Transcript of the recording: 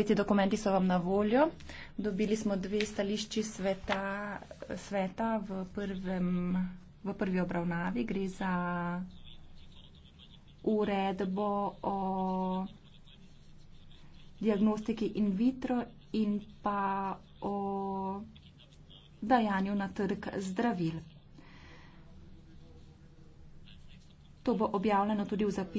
Ti dokumenti so vam na voljo. Dobili smo dve stališči sveta, sveta v, prvem, v prvi obravnavi. Gre za uredbo o diagnostiki in vitro in pa o dajanju na trg zdravil. To bo objavljeno tudi v zapisu.